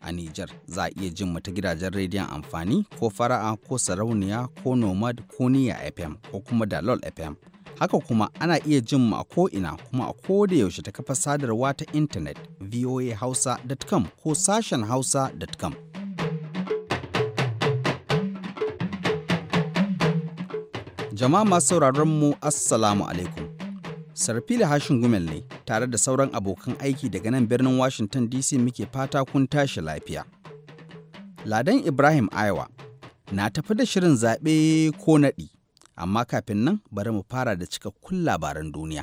a Nijar za a iya jin mu ta gidajen rediyon amfani ko fara'a ko sarauniya ko nomad ko niya FM ko kuma dalol FM. Haka kuma ana iya jin ma a ko'ina kuma a ko da yaushe ta kafa sadarwa ta intanet voahausa.com ko sashen hausa.com. Jama'a masu sauraron mu Assalamu alaikum. sarfila hashin gumel ne tare da sauran abokan aiki daga nan birnin washington dc muke fata kun tashi lafiya ladan ibrahim aiwa na tafi da shirin zaɓe ko naɗi amma kafin nan bari mu fara da cikakkun labaran duniya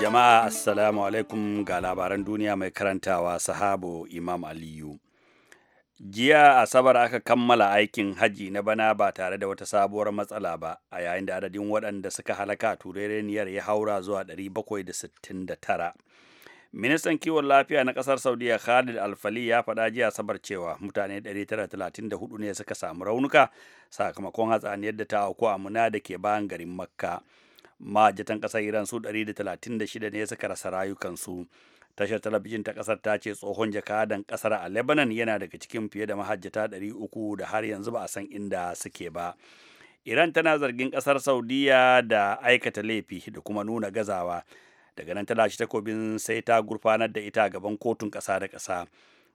jama'a assalamu alaikum ga labaran duniya mai karantawa sahabo imam aliyu Jiya Asabar aka kammala aikin haji na bana ba tare da wata sabuwar matsala ba, a yayin da adadin waɗanda suka halaka a turereniyar ya haura zuwa 769. Ministan kiwon lafiya na ƙasar Saudiya Khalid Alfali ya faɗa jiya Asabar cewa mutane 934 ne suka samu raunuka sakamakon hatsaniyar da ta auku a muna da ke bayan garin Makka. Ma'ajatan ƙasar Iran su 136 ne suka rasa rayukansu. tashar talabijin ta kasar ta ce tsohon jakadan kasar a lebanon yana daga cikin fiye da mahajjata 300 da har yanzu ba a san inda suke ba iran tana zargin kasar saudiya da aikata laifi da kuma nuna gazawa daga nan ta lashe takobin sai ta gurfanar da ita gaban kotun kasa da kasa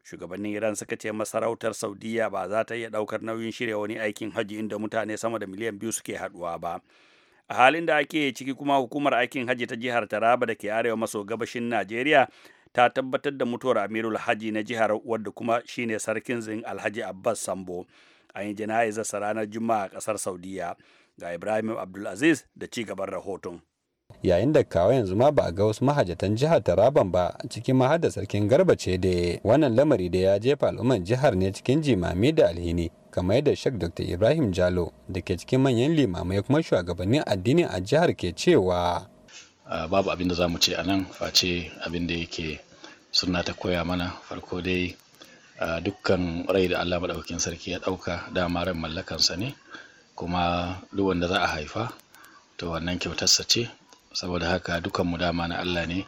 shugabannin iran suka ce masarautar saudiya ba za ta iya ɗaukar nauyin shirya wani aikin hajji inda mutane sama da miliyan biyu suke haɗuwa ba a halin da ake ciki kuma hukumar aikin hajji ta jihar taraba da ke arewa maso gabashin najeriya ta tabbatar da mutuwar amirul haji na jihar wadda kuma shine sarkin zin alhaji abbas sambo a yin jana'izarsa ranar juma'a a kasar saudiya ga ibrahim abdulaziz da ci gaban rahoton yayin da kawo yanzu ma ba a ga wasu mahajatan jihar Taraban ba cikin ma sarkin Garba ce da wannan lamari da ya jefa al'umman jihar ne cikin jimami da alhini kamar yadda shak dr ibrahim jalo da ke cikin manyan limamai kuma shugabannin addini a jihar ke cewa babu abin da za mu ce a nan face abin da yake suna ta koya mana farko dai dukkan rai da allah maɗaukakin sarki ya ɗauka dama ran mallakansa ne kuma duk wanda za a haifa to wannan kyautarsa ce saboda haka dukkan mu dama na allah ne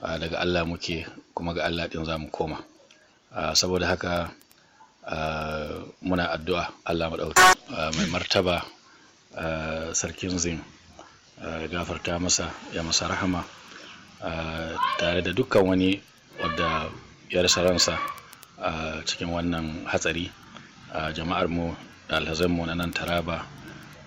daga allah muke kuma ga allah ɗin za mu koma saboda haka Eh, muna addu'a Allah maɗauki eh, mai martaba eh, sarkin zin gafarta masa ya masa rahama tare da dukkan wani wadda ya rasa ransa cikin wannan hatsari jama'ar mu da mu na nan taraba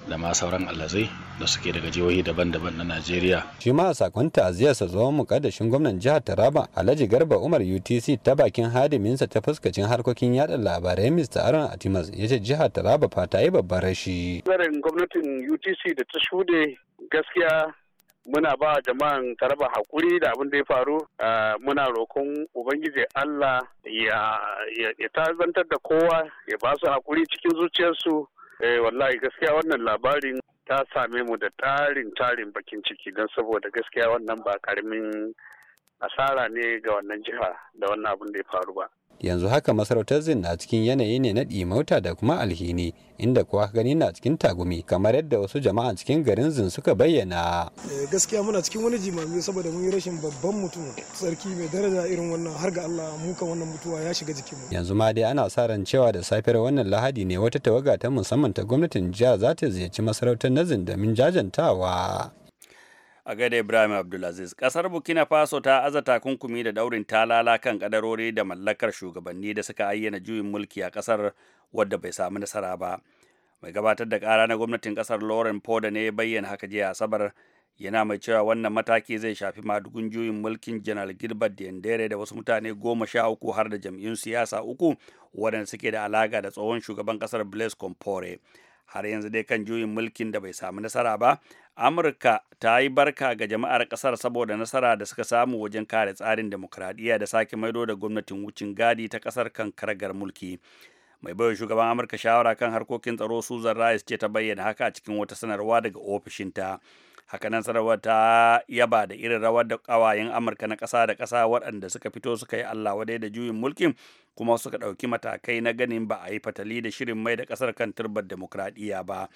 da ma sauran alazai da suke daga jihohi daban-daban na Najeriya. Shi ma a sakon ta'aziyarsa tsohon mukaddashin gwamnan jihar Taraba Alhaji Garba Umar UTC ta bakin hadiminsa ta fuskacin harkokin yada labarai Mr. Aaron Atimas ya ce jihar Taraba fa ta yi babban rashi. Tsarin gwamnatin UTC da ta shuɗe gaskiya muna ba jama'an taraba hakuri da abin da ya faru muna roƙon ubangiji Allah ya tazantar da kowa ya ba su hakuri cikin zuciyarsu Eh wallahi gaskiya wannan labarin ta same mu da tarin tarin bakin ciki don saboda gaskiya wannan ba karamin asara ne ga wannan jiha da wannan abin da ya faru ba. yanzu haka masarautar zin na cikin yanayi ne na ɗimauta da kuma alhini inda kuwa gani na cikin tagumi kamar yadda wasu jama'a cikin garin zin suka bayyana eh, gaskiya muna cikin wani jimami saboda mun yi rashin babban mutum sarki mai daraja irin wannan har ga Allah muka wannan mutuwa ya shiga jikin mu yanzu ma dai ana sa ran cewa da safiyar wannan lahadi ne wata tawaga ta musamman ta gwamnatin jiha za ta ziyarci masarautar nazin domin jajantawa a gada ibrahim abdulaziz kasar burkina faso ta aza takunkumi da daurin talala kan kadarori da mallakar shugabanni da suka ayyana juyin mulki a kasar wadda bai samu nasara ba mai gabatar da kara na gwamnatin kasar lauren poda ne bayyana haka jiya asabar yana mai cewa wannan mataki zai shafi madugun juyin mulkin General gilbert diendere da wasu mutane goma sha uku har da jam'iyyun siyasa uku waɗanda suke da alaƙa da tsohon shugaban kasar blaise Compaoré. har yanzu dai kan juyin mulkin da bai samu nasara ba amurka ta yi barka ga jama'ar kasar saboda nasara da suka samu wajen kare tsarin demokuraɗiyya da sake maido da gwamnatin wucin gadi ta kasar kan karagar mulki mai baiwa shugaban amurka shawara kan harkokin tsaro susan rice ce ta bayyana haka a cikin wata sanarwa daga ofishinta. hakanan sanarwar ta yaba da irin rawar da kawayen amurka na ƙasa da ƙasa waɗanda suka fito suka yi allah wadai da juyin mulkin kuma suka ɗauki matakai na ganin ba a yi fatali da shirin mai da ƙasar kan turbar demokradiyya ba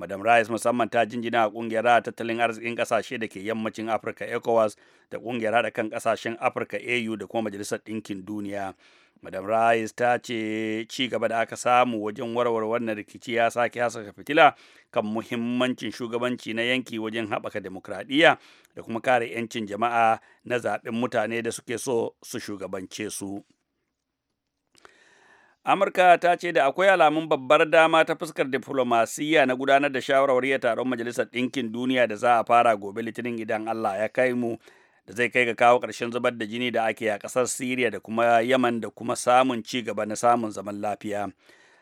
madam rais musamman ta jinjina a kungiyar haɗa tattalin arzikin kasashe da ke yammacin afirka ecowas da kungiyar haɗa kan kasashen afirka au da kuma majalisar ɗinkin duniya madam rais ta ce ci gaba da aka samu wajen warware wannan rikici ya sake hasaka fitila kan muhimmancin shugabanci na yanki wajen haɓaka demokradiyya da kuma kare 'yancin jama'a na zaɓen mutane da suke so su shugabance su. Amurka ta ce da akwai alamun babbar dama ta fuskar diflomasiyya na gudanar da shawarwari a taron Majalisar Ɗinkin Duniya da za a fara gobe Litinin idan Allah ya kai mu da zai kai ga kawo ƙarshen zubar da jini da ake a ƙasar Siriya da kuma Yaman da kuma samun ci gaba na samun zaman lafiya.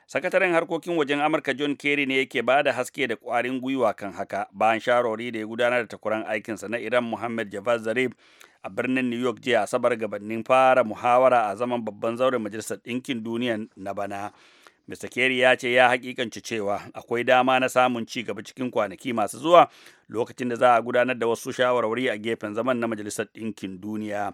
sakataren harkokin wajen amurka john kerry ne yake ba da haske da kwarin gwiwa kan haka bayan shawarwari da ya gudanar da takuran aikinsa na iran muhammad javad zarif a birnin new york jiya asabar gabanin fara muhawara a zaman babban zauren majalisar ɗinkin duniya na bana Mr. Kerry ya ce ya hakikanci cewa akwai dama na samun ci gaba cikin kwanaki masu zuwa lokacin da za a gudanar da wasu shawarwari a gefen zaman na Majalisar Ɗinkin Duniya.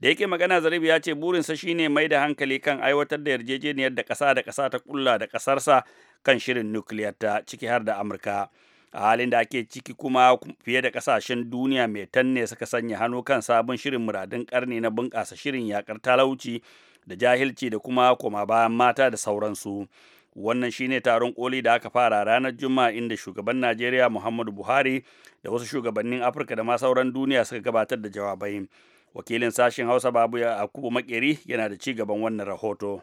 da yake magana zarif ya ce burinsa shine mai da hankali kan aiwatar da yarjejeniyar da kasa da kasa ta kulla da kasarsa kan shirin nukiliyar ta ciki har da amurka a halin da ake ciki kuma fiye da kasashen duniya mai tanne suka sanya hannu kan sabon shirin muradun karni na bunƙasa shirin yakar talauci da jahilci da kuma koma bayan mata da sauransu wannan shine taron koli da aka fara ranar juma'a inda shugaban najeriya muhammadu buhari da wasu shugabannin afirka da ma sauran duniya suka gabatar da jawabai wakilin sashen hausa babu ya akubu makeri yana da ci gaban wannan rahoto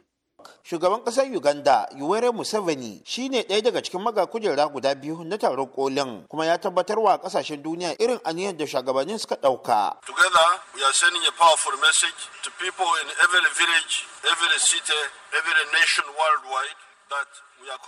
shugaban kasar uganda yuwere museveni shine ɗaya daga cikin maga kujera guda biyu na taron kolin kuma ya tabbatar wa kasashen duniya irin aniyar da shugabannin suka ɗauka together a every city every nation worldwide that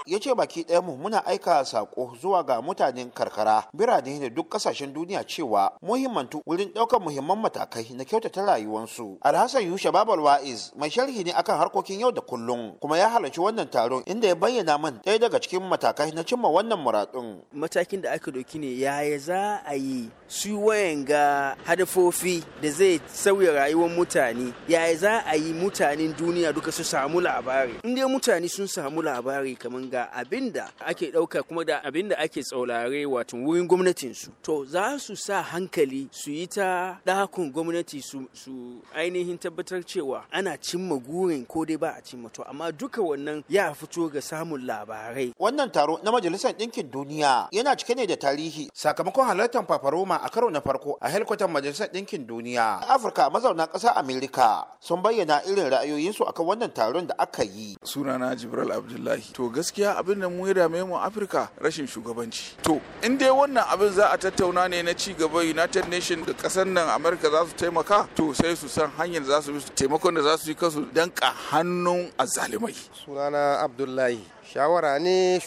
ya ce baki mu muna aika sako zuwa ga mutanen karkara birane da duk kasashen duniya cewa muhimmantu wurin ɗaukar muhimman matakai na kyautata rayuwarsu alhassan yushe babal wa'iz mai sharhi ne akan harkokin yau da kullum kuma ya halarci wannan taron inda ya bayyana man ɗaya daga cikin matakai na cimma wannan muradun matakin da aka doki ne yaya za a yi su wayan ga hadafofi da zai sauya rayuwar mutane yaya za a yi mutanen duniya duka su samu labari in dai mutane sun samu labari kamar ga abin da ake ɗauka kuma da abin da ake tsaurare wato wurin gwamnatinsu to za su sa hankali su yi ta ɗakun gwamnati su, ainihin tabbatar cewa ana cimma gurin ko dai ba a cimma to amma duka wannan ya fito ga samun labarai wannan taro na majalisar ɗinkin duniya yana cike ne da tarihi sakamakon halartar fafaroma a karo na farko a helkwatar majalisar ɗinkin duniya a afirka mazauna ƙasar amerika sun bayyana irin ra'ayoyinsu akan wannan taron da aka yi sunana jibril abdullahi to to gaskiya abin da mu ya dame mu afirka rashin shugabanci to in dai wannan abin za a tattauna ne na ci gaba united nation da kasar nan amurka za su taimaka to sai su san hanyar za su taimakon da za su yi kasu danka hannun azalimai sunana abdullahi shawara ne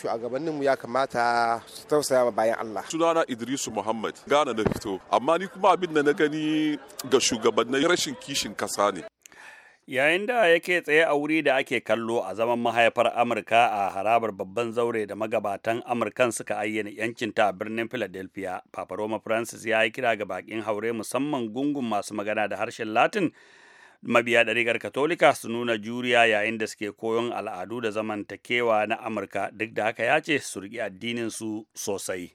mu ya kamata su tausaya wa bayan Allah. Sunana Idrisu Muhammad gana na fito, amma ni kuma abin da na gani ga shugabannin rashin kishin kasa ne. yayin da yake tsaye a wuri da ake kallo a zaman mahaifar amurka a harabar babban zaure da magabatan amurkan suka ayyana yancinta a birnin philadelphia papa roma francis ya yi kira ga bakin haure musamman gungun masu magana da harshen latin mabiya ɗariƙar katolika su nuna juriya yayin da suke koyon al'adu da zamantakewa na amurka duk da haka ya ce su riƙe addinin su sosai.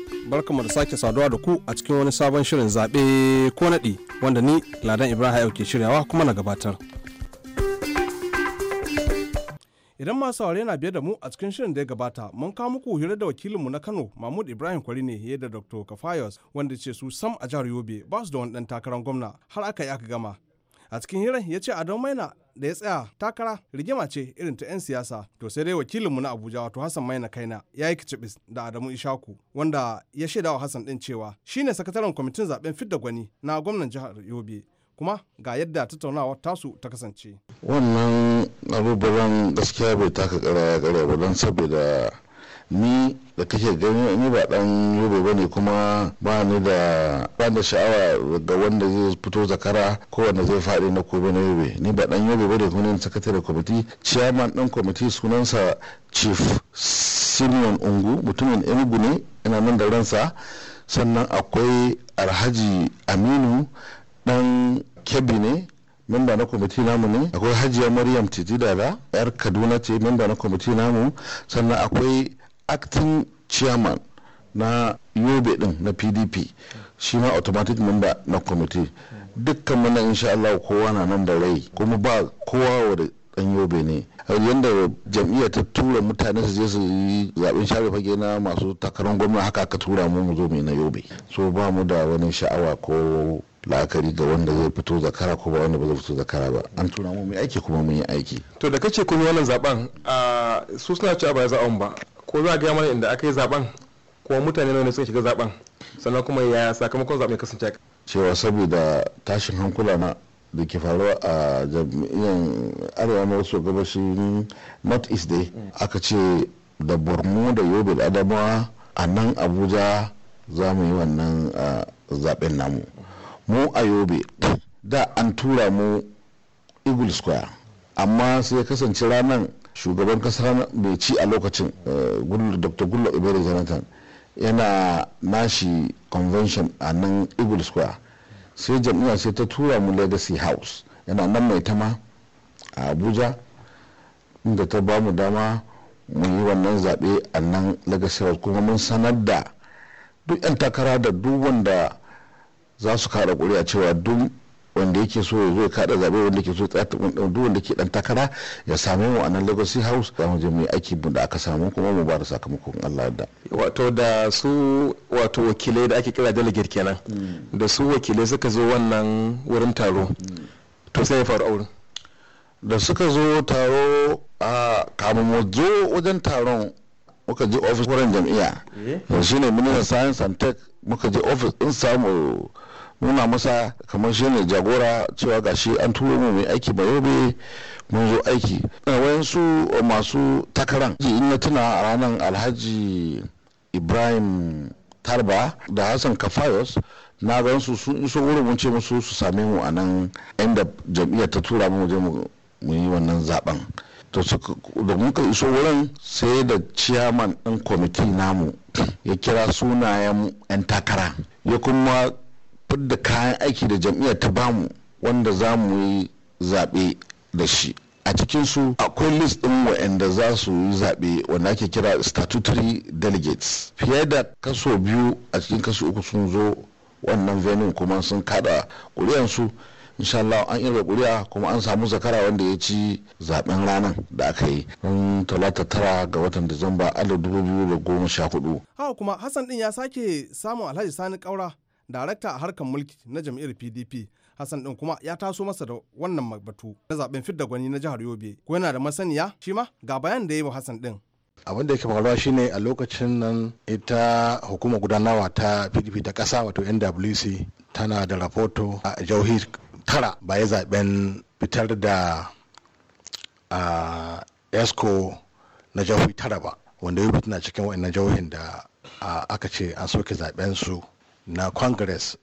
barkamu da sake saduwa da ku a cikin wani sabon shirin zaɓe ko naɗi wanda ni Ladan Ibrahim ke shiryawa kuma na gabatar. Idan masu saurari na biye da mu a cikin shirin da ya gabata, mun kawo muku hira da wakilinmu na Kano, Mahmud Ibrahim Kwari ne da Dr. Kafayos, wanda ce su sam a jihar Yobe ba su da wani ɗan takarar gwamna har aka yi aka gama. a cikin hirar ya ce adon maina da ya tsaya takara rigima ce irin ta 'yan siyasa to sai dai wakilinmu na abuja wato hassan maina kaina ya yi kicibis da adamu ishaku wanda ya shaidawa hassan din cewa shine sakataren kwamitin zaben fidda gwani na gwamnan jihar yobe kuma ga yadda tattaunawar tasu ta kasance wannan abubuwan gaskiya bai taka kara ya ba don saboda ni da kake gani ni ba dan yobe ba ne kuma ba ni da ba da sha'awa ga wanda zai fito zakara ko wanda zai faɗi na kobe na yobe ni ba dan yobe ba ne kuma sakatare kwamiti ciyaman dan kwamiti sunansa chief simeon ungu mutumin enugu ne ina nan da ransa sannan akwai alhaji aminu dan kebbi ne memba na kwamiti namu ne akwai hajiya maryam Titi tijidala yar kaduna ce memba na kwamiti namu sannan akwai acting chairman na yobe din na pdp shi ma automatic member na committee dukkan mana insha Allah kowa na nan da rai kuma ba kowa wanda dan yobe ne yadda jam'iyyar ta tura mutane su je su yi zaben share fage na masu takarar gwamna haka ka tura mu mu zo mai na yobe so ba mu da wani sha'awa ko la'akari ga wanda zai fito zakara ko ba wanda ba zai fito zakara ba an tura mu mai aiki kuma mun yi aiki to da kace kun yi wannan zaben ah, su suna cewa ba a ba ko za a gaya mana inda aka yi zaben ko mutane nawa ne suka shiga zaben sannan kuma ya sakamakon zaben kasance cewa saboda tashin hankula na da ke faruwa a jami'in arewa maso gabashin north east day aka ce da da yobe da adamawa a nan abuja za mu yi wannan zaben namu mu a yobe da an tura mu eagle square amma sai kasance ranar shugaban kasa mai ci a lokacin eh, dr gullo ibere jonathan yana nashi convention a nan eagle square sai jam'iyya sai ta tura mu legacy house yana nan mai tama a abuja inda ta ba mu dama mu yi wannan zaɓe a nan legacy house kuma mun sanar da duk 'yan takara da duk wanda za su kara a cewa duk wanda yake so ya zo ya kada zabe wanda ke so ya duk wanda ke dan takara ya samu mu a nan House za mu je mu yi aiki da aka samu kuma mu ba da sakamakon Allah da wato da su wato wakilai da ake kira delegate kenan hmm. da su wakilai suka zo wannan wurin taro hmm. to sai ya faru aure da suka zo taro a kamun mu zo wajen taron muka je ofis wurin jami'a eh. shi ne ministan science and tech muka je ofis din samu nuna masa kamar shi ne jagora cewa gashi an turo mu mai aiki ba yobe mun zo aiki wayansu masu takaran in na tuna a ranar alhaji ibrahim tarba da hassan kafayos na gansu sun iso wurin mun ce musu su same mu a nan inda jam'iyyar ta tura mu je mu yi wannan zaben to da muka iso wurin sai da ciyaman ɗan kwamiti namu ya kira sunayen 'yan takara ya kuma fidda kayan aiki da jam'iyyar ta bamu wanda za mu yi zaɓe da shi a cikinsu akwai list ɗin waɗanda za su yi zaɓe wanda ake kira statutory delegates fiye da kaso biyu a cikin kaso uku sun zo wannan venue kuma sun kada ƙuri'ansu insha Allah an irga ƙuri'a kuma an samu zakara wanda ya ci zaɓen ranar da aka yi ran talata tara ga watan disamba alif dubu biyu da goma sha hudu. haka kuma hassan ɗin ya sake samun alhaji sani kaura darakta a harkar mulki na jam'iyyar pdp hassan din kuma ya taso masa da wannan batu na zaben fidda gwani na jihar yobe ko yana da masaniya shi ma ga bayan da ya yi wa hassan din abin da yake faruwa shine a lokacin nan ita hukumar gudanarwa ta pdp ta kasa wato nwc tana da rahoto a jauhi tara baya zaben fitar da esco na jauhi tara ba wanda yobe tana cikin wa'annan jauhin da aka ce an soke zaben su na congress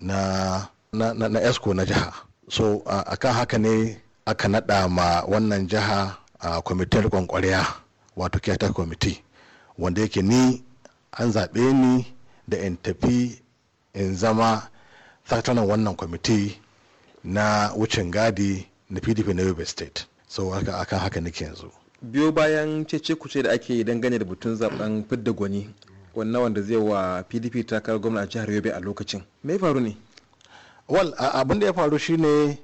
na na, na, esco na jiha so uh, kan haka ne aka nada ma wannan jiha a uh, kwamitin wato kyata kwamiti wanda yake ni an zaɓe ni da in tafi in zama tsakanin wannan kwamiti na wucin gadi na pdp na yobe state so haka akan haka nake yanzu biyo bayan cece kuce da ake dangane da batun zaben fidda gwani wannan wanda zai wa pdp takarar gwamna a jihar yobe a lokacin me faru ne wal abin da ya faru shine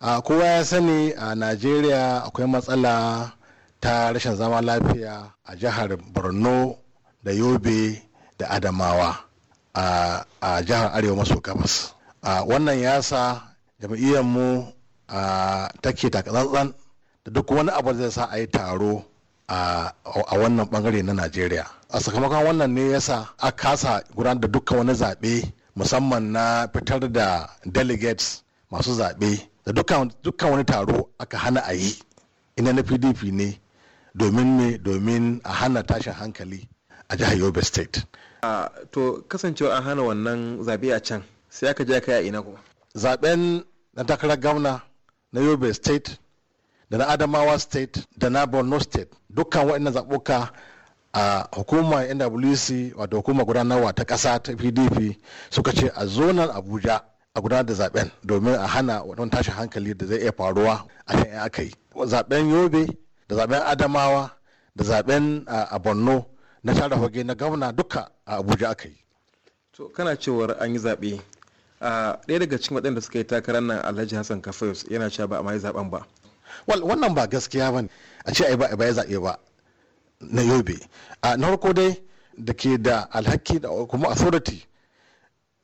a kowa ya sani a najeriya akwai matsala ta rashin zama lafiya a jihar borno da yobe da adamawa a jihar arewa maso gabas wannan ya yasa jam'iyyarmu take takatsantsan da duk wani abu zai sa a yi taro a wannan bangare na najeriya a sakamakon wannan ne yasa a kasa gudanar da dukkan wani zaɓe musamman na fitar da delegates masu zaɓe da dukkan wani taro aka hana a yi ina na pdp ne domin ne domin a hana tashin hankali a jihar yobe state A to kasancewa an hana wannan zaɓe a can sai aka je kai a ina kuma zaɓen na takarar gwamna na yobe state da na adamawa state da na borno state dukkan waɗannan zaɓuka a hukumar nwc wato hukumar gudanarwa ta ƙasa ta pdp suka ce a zonar abuja a gudanar da zaben domin a hana wani tashin hankali da zai iya faruwa a yi aka yi zaben yobe da zaben adamawa da zaben a borno na tara hoge na gwamna duka a abuja aka yi to kana cewar an yi zaɓe a ɗaya daga cikin waɗanda suka yi takarar nan alhaji hassan kafayos yana cewa ba a ma yi zaben ba wannan ba gaskiya ne a ce ai ba ya zabe ba na yobe a na farko dai da ke da alhaki da kuma authority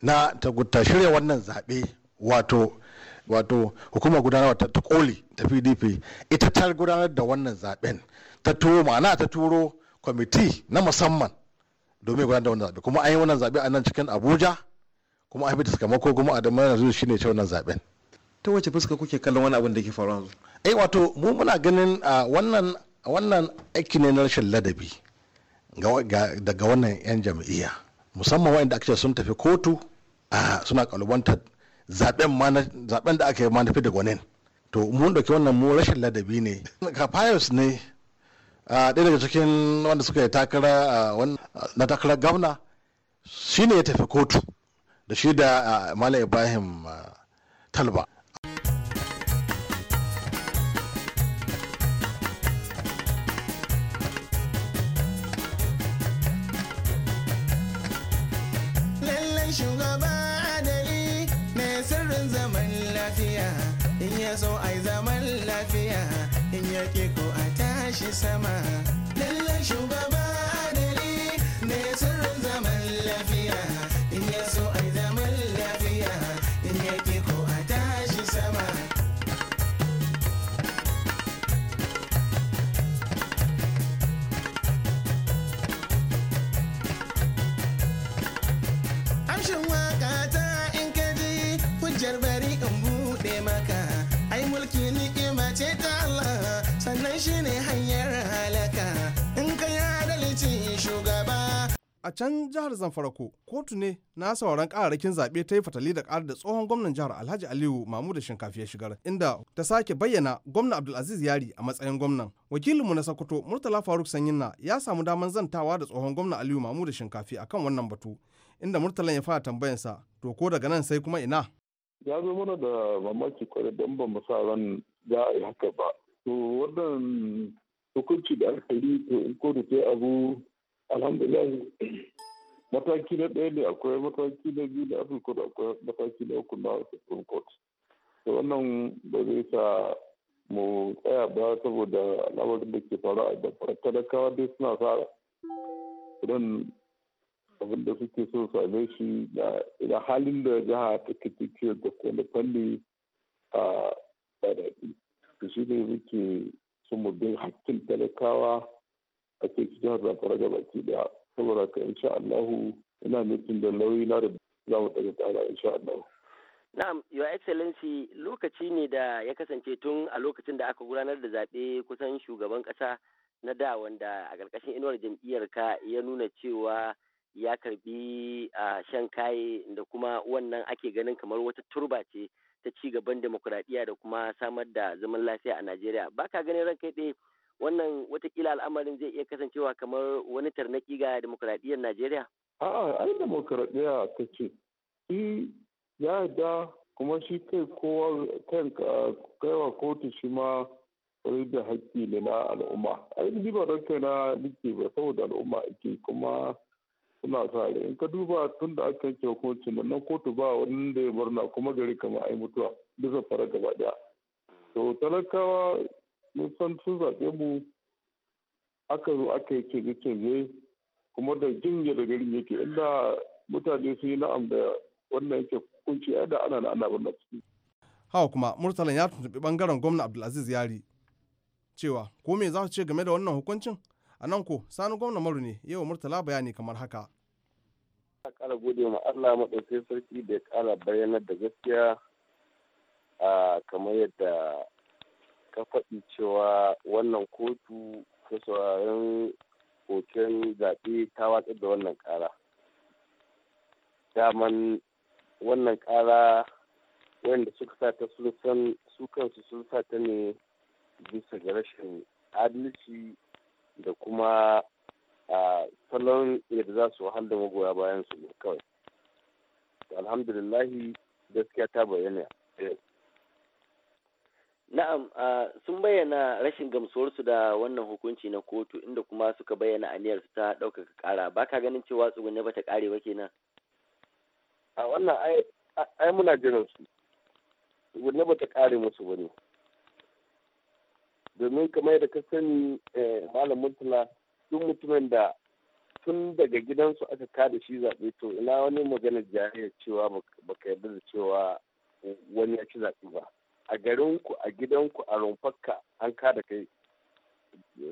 na ta shirya wannan zaɓe wato wato hukumar gudanarwa ta, ta koli ta pdp ita ta gudanar da wannan zaben ta turo ma'ana ta turo kwamiti na musamman domin gudanar da wannan zaɓe kuma an yi wannan zaɓe a nan cikin abuja kuma an fi da sakamako kuma a da mana zuwa shine ce wannan zaɓen ta wace fuska kuke kallon wani abin da ke faruwa yanzu eh wato mu muna ganin wannan wannan aiki ne na rashin ladabi daga wannan yan jam'iyya musamman wa'anda aka ce sun tafi kotu suna kalubantar zaben da aka yi ma nufi daga gwanin to mu dauki wannan mu rashin ladabi ne kafayos ne ɗaya daga cikin wanda suka yi takara na takarar gwamna shine ya tafi kotu da shi da malam ibrahim talba sama a can jihar zamfara kotu ne na sauran kararrakin zaɓe ta yi fatali da ƙarar da tsohon gwamnan jihar alhaji aliyu mamu da shinkafi ya shigar inda ta sake bayyana gwamna abdulaziz yari a matsayin gwamnan wakilinmu na sokoto murtala faruk sanyinna ya samu daman zantawa da tsohon gwamna aliyu mamu da shinkafi kan wannan batu inda murtalan ya fara tambayansa to ko daga nan sai kuma ina ya zo mana da mamaki kwarai don ba sa ran za haka ba to wannan hukunci da aka yi to in da sai abu alhamdulillah mataki na ɗaya ne akwai mataki na biyu na apple court akwai mataki na uku na supreme court da wannan ba zai sa mu tsaya ba saboda lamarin da ke faru a dabbar talakawa dai suna fara idan abin da suke so same shi da halin da jiha ta ciki da kone fanni a ɗaɗaɗi to shi ne muke sun mu bin hakkin talakawa a ke jihar zamfara ga baki daya saboda ka insha allahu ina nufin da lauyi na da za mu daga tara insha allahu. Na'am, Your Excellency lokaci ne da ya kasance tun a lokacin da aka gudanar da zaɓe kusan shugaban ƙasa na da wanda a ƙarƙashin inuwar jam'iyyarka ya nuna cewa ya karbi a shan kaye da kuma wannan ake ganin kamar wata turba ce ta ci gaban demokuraɗiyya da kuma samar da zaman lafiya a Najeriya. ka ganin ranka ɗaya wannan watakila al'amarin zai iya kasancewa kamar wani tarnaki ga demokuraɗiyyar Najeriya? A'a, ai demokuraɗiyya ta ce, shi ya da kuma shi kai kowa kan kaiwa kotu shi ma wani da haƙƙi ne na al'umma. Ai, ni ba ranka na nike ba saboda al'umma ake kuma suna sa in ka duba tun da aka yanke hukuncin nan kotu ba wani da ya murna kuma gari kamar ai mutuwa duka fara gaba daya. To talakawa nisan sun zaɓe mu aka zo aka yi canje-canje kuma da jinya da garin yake inda mutane sun yi na'am da wannan yake kunci da ana na ana wannan ciki. Hawa kuma Murtalan ya tuntuɓi bangaren gwamna Abdulaziz Yari cewa ko me za su ce game da wannan hukuncin? A nan ko sani gwamna maru ne yau Murtala bayani kamar haka. ana ƙara gode ma Allah maɗaukai sarki da ya ƙara bayanar da gaskiya kamar yadda ka faɗi cewa wannan kotu ta sauraron hoton zaɓe ta watsar da wannan ƙara daman wannan ƙara wanda suka sa ta sun san su kansu sun sa ta ne bisa ga rashin adalci da kuma a salon yadda za su wahala magoya bayan su ne kawai alhamdulillahi gaskiya ta bayyana Na'am, uh, sun bayyana rashin gamsuwarsu da wannan hukunci na kotu inda kuma suka bayyana aniyarsu ta ɗaukaka ƙara. Ba ka ganin cewa tsugunne ba ta ƙare ba kenan? A wannan ai muna jiran su. Tsugunne ba ta ƙare musu ba ne. Domin kamar da ka sani eh, Malam Murtala duk mutumin da tun daga gidansu aka kada shi zaɓe to ina wani maganar jahiyar cewa baka yarda da cewa wani ya ci zaɓe ba. a garinku a gidanku a rumfarka an da kai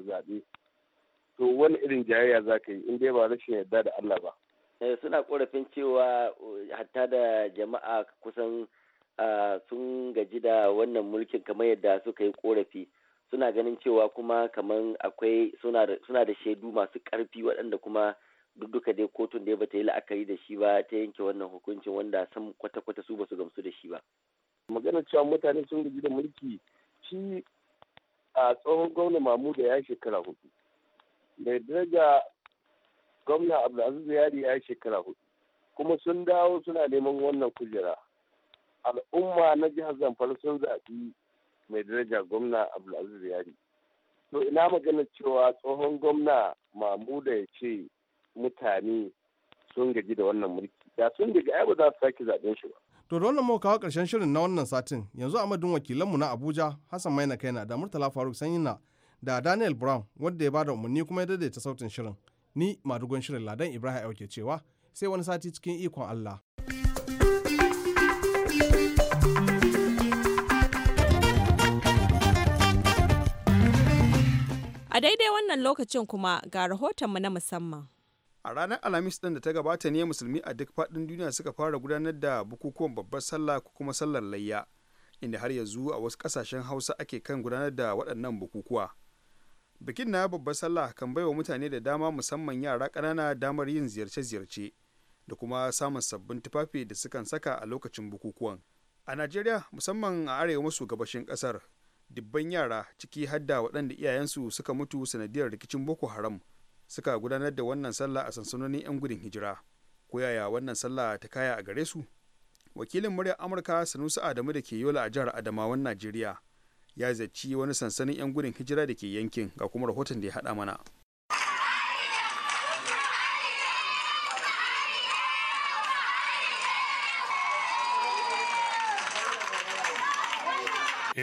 zaɓe to wani irin jayayya za ka yi in dai ba rashin yarda da Allah ba. Eh, suna korafin cewa eh, hatta da jama'a kusan sun gaji da wannan mulkin kamar yadda suka yi korafi suna ganin cewa kuma kamar akwai suna da shaidu masu ƙarfi waɗanda kuma duk duka dai kotun da ba ta yi la'akari da shi ba ta yanke wannan hukuncin wanda san kwata-kwata su ba su gamsu da shi ba. magana cewa mutane sun gaji da mulki shi a tsohon gwamna mamu da ya shekara hudu mai daraja gwamna abdulaziz yari ya yi shekara hudu kuma sun dawo suna neman wannan kujera al'umma na jihar zamfara sun zaɓi mai daraja gwamna abdulaziz yari to ina magana cewa tsohon gwamna mamuda ya ce mutane sun gaji da wannan mulki da sun gaji ai ba za su sake zaɓen shi ba To da wannan muka kawo ƙarshen shirin na wannan satin yanzu a madun wakilanmu na Abuja Hassan Maina na da Murtala Faruk Sanyina da Daniel Brown wadda ya bada umarni kuma ya daidaita sautin shirin. Ni madugon shirin Ladan Ibrahim Auke cewa sai wani sati cikin ikon Allah. A daidai wannan lokacin kuma ga rahotonmu na musamman. a ranar alhamis ɗin da ta gabata ne musulmi a duk faɗin duniya suka fara gudanar da bukukuwan babbar sallah ko kuma sallar layya inda har yanzu a wasu ƙasashen hausa ake kan gudanar da waɗannan bukukuwa bikin na babbar sallah kan baiwa mutane da dama musamman yara ƙanana damar yin ziyarce-ziyarce da kuma samun sabbin tufafi da sukan saka a lokacin bukukuwan a najeriya musamman a arewa maso gabashin ƙasar dubban yara ciki hadda waɗanda iyayensu suka mutu sanadiyar rikicin boko haram suka gudanar da wannan sallah a sansanonin 'yan gudun hijira ko yaya wannan sallah ta kaya a gare su wakilin muryar amurka sanusi adamu da ke yola a jihar adamawan najeriya ya zaci wani sansanin 'yan gudun hijira da ke yankin ga kuma rahoton da ya haɗa mana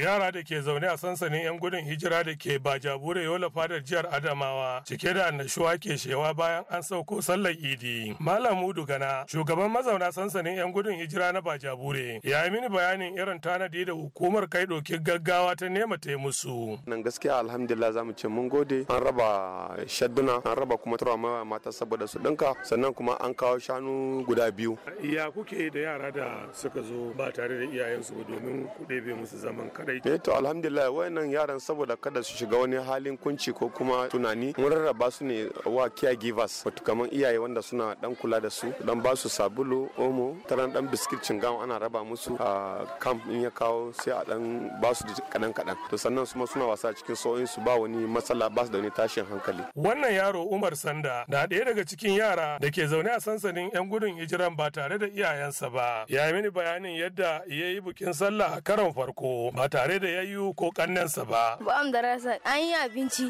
Yara da ke zaune a sansanin 'yan gudun hijira da ke Bajabure Yola fadar jihar Adamawa cike da annashuwa ke shewa bayan an sauko sallar Idi. Malam Mudu Gana, shugaban mazauna sansanin 'yan gudun hijira na Bajabure, ya yi mini bayanin irin tanadi da hukumar kai dokin gaggawa ta nema ta musu. Nan gaskiya alhamdulillah zamu ce mun gode an raba shadduna an raba kuma turawa mata saboda su dinka sannan kuma an kawo shanu guda biyu. Ya kuke da yara da suka zo ba tare da iyayensu domin kuɗe ɗebe musu zaman kan kadai eh to alhamdulillah wayannan yaran saboda kada su shiga wani halin kunci ko kuma tunani mun rarraba su ne wa caregivers wato kaman iyaye wanda suna dan kula da su dan ba su sabulu omo taran dan biskit cingam ana raba musu a camp in ya kawo sai a dan ba su kadan kadan to sannan su suna wasa cikin sauyin su ba wani matsala ba su da wani tashin hankali wannan yaro Umar Sanda na ɗaya daga cikin yara da ke zaune a sansanin 'yan gudun hijiran ba tare da iyayensa ba ya yi mini bayanin yadda ya yi bukin sallah a karon farko ba tare da yayu ko kannensa ba. Ba am da rasa an yi abinci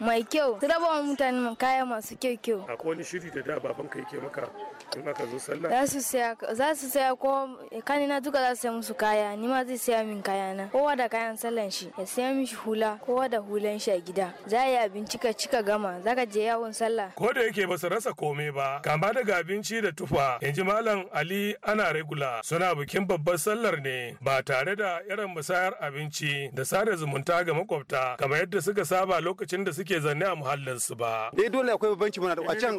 mai kyau, su raba wa mutane kaya masu kyau kyau. Akwai wani shiri da da baban ka yake maka zasu za su saya ko kanina duka za su siya musu kaya ni ma zai saya min kaya na kowa da kayan sallan shi ya saya shi hula kowa da hulan shi a gida za a yi abinci ka cika gama za ka je yawon sallah ko da yake ba su rasa komai ba kama daga abinci da tufa yanzu malam ali ana regula suna bikin babbar sallar ne ba tare da irin musayar abinci da sada zumunta ga makwabta kamar yadda suka saba lokacin da suke zanne a muhallinsu ba. Eh dole akwai bambanci muna da a can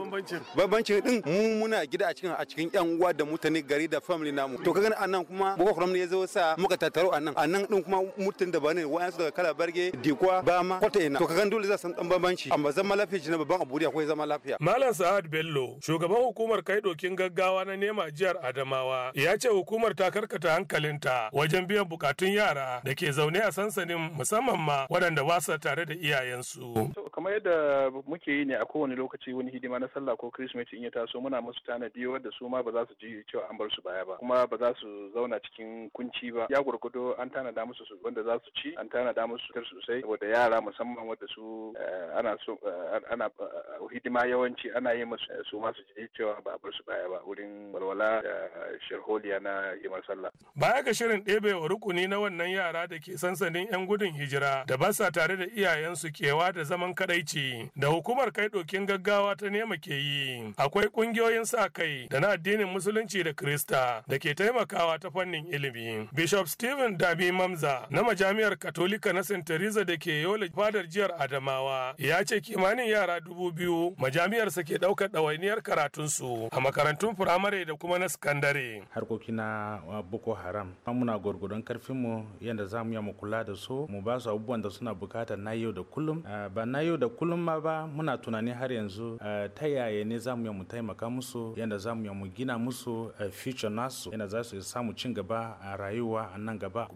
bambanci din mu muna gida gida a cikin a cikin yan uwa da mutane gari da family namu to kaga anan kuma boko haram ne ya zo sa muka tattaro anan anan din kuma mutun da bane wayan su daga kala barge dikwa bama kwata ina to kaga dole za san dan bambanci amma zama lafiya jina babban abu akwai zama lafiya malam sa'ad bello shugaban hukumar kai dokin gaggawa na nema jihar adamawa ya ce hukumar ta karkata hankalinta wajen biyan bukatun yara da ke zaune a sansanin musamman ma waɗanda ba sa tare da iyayensu kamar yadda muke yi ne a kowane lokaci wani hidima na sallah ko christmas in ya taso muna musu tana na biyu wadda su ma ba za su ji cewa an bar su baya ba kuma ba za su zauna cikin kunci ba ya gurgudo an tanada musu su wanda za su ci an tanada musu su sosai saboda yara musamman wadda su eh, ana so eh, ana eh, hidima yawanci ana yi musu su ma su ji cewa ba a bar su baya ba wurin walwala da shirholiya na himar sallah baya ga shirin ɗebe rukuni na wannan yara da ke sansanin 'yan gudun hijira da ba sa tare da iyayensu kewa da zaman kadaici da hukumar kai dokin gaggawa ta nema ke yi akwai ƙungiyoyin sa kai da na addinin musulunci da krista da ke taimakawa ta fannin ilimi bishop stephen dabi mamza na majami'ar katolika na st teresa da ke yola fadar jihar adamawa ya ce kimanin yara dubu biyu majami'arsa ke ɗaukar ɗawainiyar su a makarantun firamare da kuma na sakandare harkoki na boko haram muna gwargwadon karfinmu yadda za mu mu kula da su mu ba su abubuwan da suna bukata na yau da kullum ah, ba na yau da kullum ma ba muna tunani har yanzu ah, ta yaya ne za mu mu taimaka musu yadda za mu mu gina musu eh, future nasu yadda za su samu cin gaba a rayuwa a nan gaba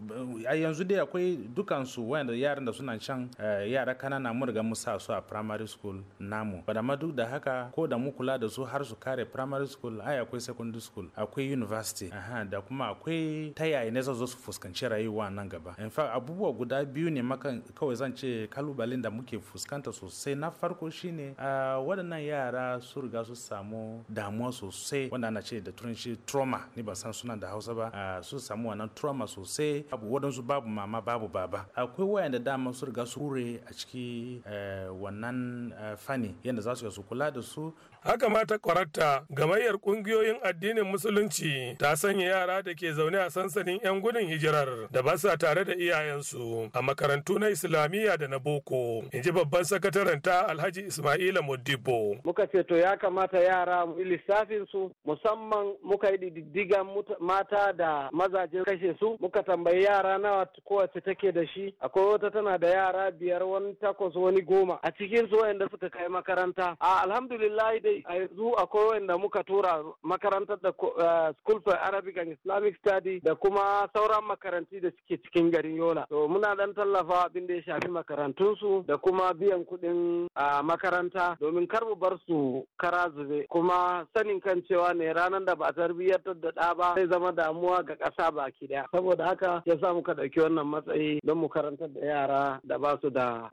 a yanzu dai akwai dukansu wanda yaran da suna can eh, yara kanana mun riga mu sa su a primary school namu ba da duk da haka ko da mu kula da su har su kare primary school ai akwai secondary school akwai university aha da kuma akwai ta yaya ne za su fuskanci rayuwa nan gaba in fact abubuwa guda biyu ne makan kawai zan ce kalubalen da muke fuskanta sosai na farko shine ah, waɗannan yara su riga su samu damuwa sosai wanda ana ce da turanci trauma ni ba san suna da hausa ba ah, sun samu wannan trauma sosai babu waɗansu babu mama babu baba akwai da dama su riga su hure a ciki eh, wannan eh, fani yadda za su su kula da su haka ma ta kwararta gamayyar kungiyoyin addinin musulunci ta sanya yara da ke zaune a sansanin 'yan gudun hijirar da ba sa tare da iyayensu a makarantu na islamiyya da na boko in ji babban sakataren ta alhaji ismaila modibo muka ce to ya kamata yara mu lissafin musamman muka yi diddigan mata da mazaje kashe su muka tambayi yara nawa kowace take da shi akwai wata tana da yara biyar wani takwas wani goma a cikin su wayanda suka kai makaranta a alhamdulillah dai dai a yanzu akwai wanda muka tura makarantar da eh, school for arabic and islamic study da kuma sauran makaranti da suke cikin garin yola to muna dan tallafa abin da ya shafi makarantunsu da kuma biyan kuɗin makaranta domin kar mu bar su kara zube kuma sanin kan cewa ne ranar da ba a tarbiyyar da ɗa ba zai zama damuwa ga ƙasa baki ɗaya saboda haka ya sa muka ɗauki wannan matsayi don mu karantar da yara da ba su da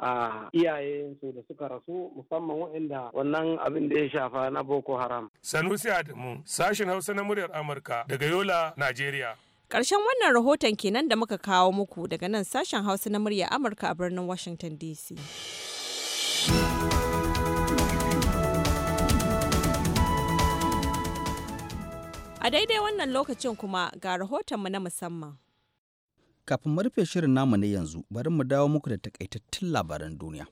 iyayensu da suka rasu musamman waɗanda wannan abin da ya shafi shinkafa na Boko Haram. Sanusi Adamu, sashen Hausa na muryar Amurka daga Yola, Najeriya. Ƙarshen wannan rahoton kenan da muka kawo muku daga nan sashen Hausa na muryar Amurka a birnin Washington DC. A daidai wannan lokacin kuma ga rahotonmu na musamman. Kafin mu rufe shirin namu na yanzu, bari mu dawo muku da takaitattun labaran duniya.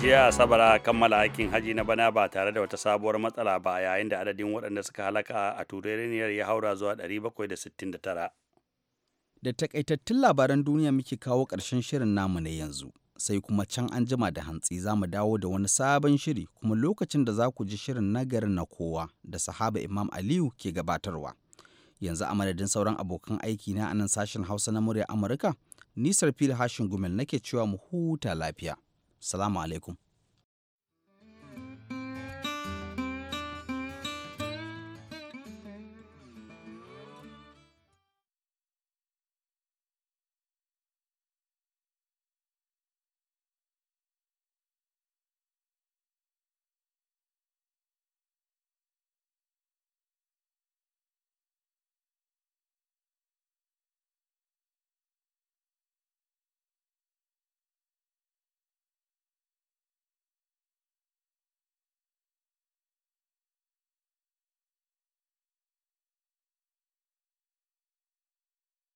jiya asabar a kammala aikin haji na bana ba tare da wata sabuwar matsala ba yayin da adadin waɗanda suka halaka a tureniyar ya haura zuwa 769 da takaitattun labaran duniya muke kawo ƙarshen shirin namu na yanzu sai kuma can an jima da hantsi za mu dawo da wani sabon shiri kuma lokacin da za ku ji shirin na garin na kowa da sahaba imam aliyu ke gabatarwa yanzu a madadin sauran abokan aiki na anan sashen hausa na murya amurka nisar fili hashin gumel nake cewa mu huta lafiya Salamu alaikum.